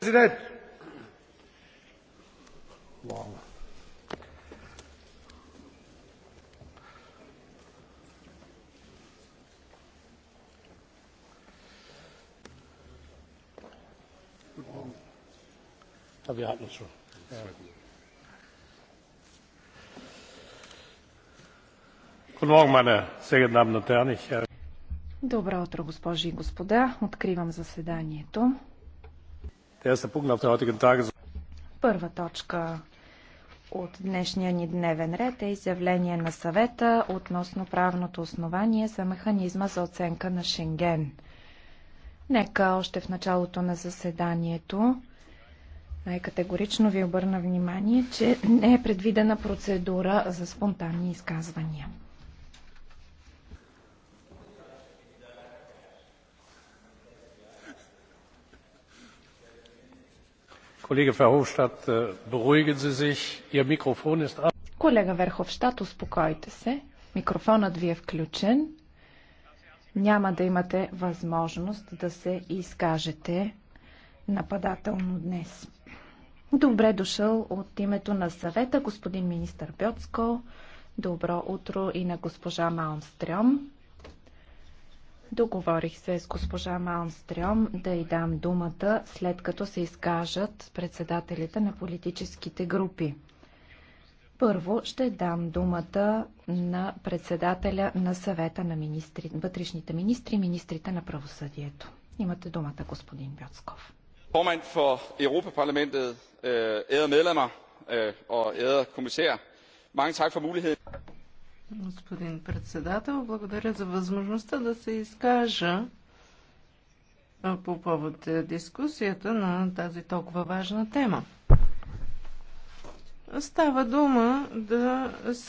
Президент! Long. Ja, wir hatten es schon. Ja. Guten Morgen, meine sehr geehrten Damen und Herren. Ich, Добро утро, госпожи и господа. Откривам заседанието. Първа точка от днешния ни дневен ред е изявление на съвета относно правното основание за механизма за оценка на Шенген. Нека още в началото на заседанието най-категорично ви обърна внимание, че не е предвидена процедура за спонтанни изказвания. Колега Верховщат, äh, beruhigen Sie sich, Ihr Mikrofon ist an. Колега Верховщад, успокойте се. Микрофонът ви е включен. Няма да имате възможност да се изкажете нападателно днес. Добре дошъл от името на съвета господин министър Бьоцко. Добро утро и на госпожа Малмстрём. Договорих се с госпожа Малмстрем да й дам думата, след като се изкажат председателите на политическите групи. Първо ще дам думата на председателя на съвета на министри, вътрешните министри, министрите на правосъдието. Имате думата, господин Бьоцков. Форманд for Europaparlamentet, ærede medlemmer og ærede kommissær. Mange tak for muligheden господин председател. Благодаря за възможността да се изкажа по повод е, дискусията на тази толкова важна тема. Става дума да се